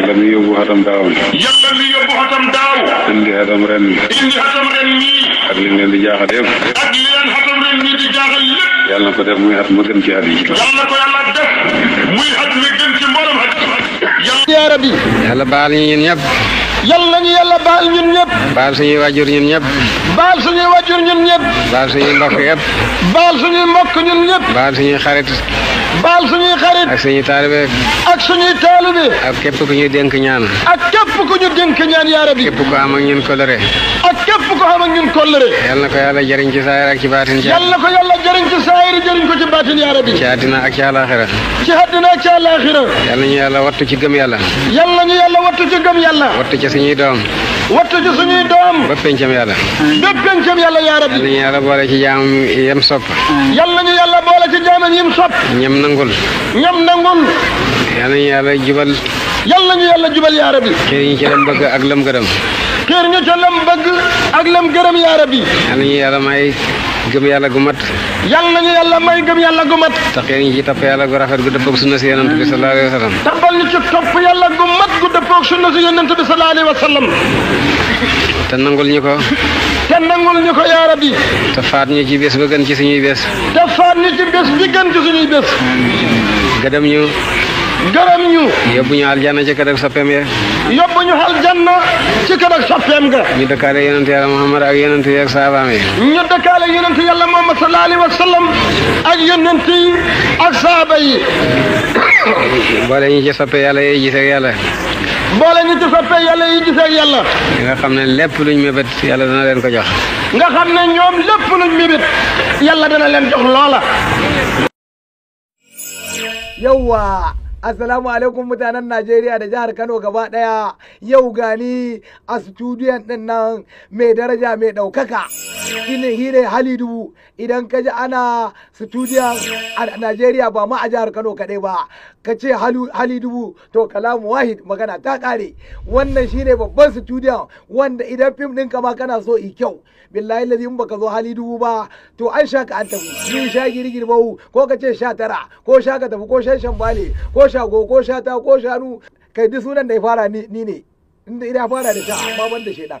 yalla mi yobbu hatam daaw yalla mi yobbu hatam daaw indi hatam ren indi hatam ren ni ak li leen di jaaxal yépp ak li leen hatam ren ni di jaaxal lépp yalla na ko def muy hat ma gën ci hat yi yalla ko yalla def muy hat mi gën ci mbolam hat ya rabbi yalla baal ñi ñun ñep yalla ñu yalla baal ñun ñep baal suñu wajur ñun ñep baal suñu wajur ñun ñep baal suñu mbokk yep baal suñu mbokk ñun ñep baal suñu xarit baal suñuy xarit. ak suñuy taalibe. ak suñuy taalibe. ak képp ku ñu dénk ñaan. ak képp ku ñu dénk ñaan yaa rabbi. képp ku am ak ñun coloré. ak ko am ak ñun kóllëre ko yàlla jëriñ ci saayir ak ci baatin yal na ko yàlla jëriñ ci saayir jëriñ ko ci baatin yaa ci àddina ak ci àllaaxira ci àddina ak ci àllaaxira yal na ñu yàlla wattu ci gëm yàlla yal na ñu yàlla wattu ci gëm yàlla wattu ci suñuy doom wattu ci suñuy doom ba yàlla ba pencam yàlla yaa rabbi yal na ñu yàlla boole ci jaam yem sopp yal na ñu yàlla boole ci jaamam yem sopp ñam nangul ñam nangul yal na ñu yàlla jubal yal na ñu ci lam bëgg ak lam gërëm xéer ñu ca lam bëgg ak lam gërëm yaa rabbi yàlla ñu yàlla may gëm yàlla gu mat yàlla nañu yàlla may gëm yàlla gu mat taxee ñu ci topp yàlla gu rafet gu dëppoog sunna si yonent bi sallallahu alayhi wa sallam taxal ñu ci topp yàlla gu mat gu dëppoog sunna si yonent bi sallallahu alayhi wa sallam te nangul ñu ko te nangul ñu ko yaa rabbi te faat ñu ci bés ba gën ci suñuy bés te faat ñu ci bés bi gën ci suñuy bés gëdëm ñu gërëm ñu yóbbu ñu aljanna ci kër ak soppeem ya yóbbu ñu aljanna ci kër soppeem ga ñu dëkkaale yonent yàlla Muhammad ak yonent yi ak saabaam yi ñu dëkkaale Muhammad sallallahu alayhi wa ak yonent ak saaba boole ñu ci soppe yàlla yi ci soppe yàlla nga xam ne lépp luñ mébét yàlla dana leen ko jox loola Assalamu alaikum mutanen Najeriya da jihar Kano gaba ɗaya yau gani a studiyon ɗin nan mai daraja mai ɗaukaka. hire hali dubu idan ka ji ana studio a Najeriya ba ma a jihar Kano kaɗai ba kace ce hali dubu to kalamu wahid magana ta kare wannan shine babban studio wanda idan fim ɗinka ma kana so i kyau billahi lazi in baka zo hali dubu ba to an sha ka an tafi ni sha girgir bau ko ka ce sha tara ko sha ka tafi ko shan shambale ko sha shago ko sha ta ko shanu kai duk sunan da ya fara ni ne inda ina fara da sha amma ban da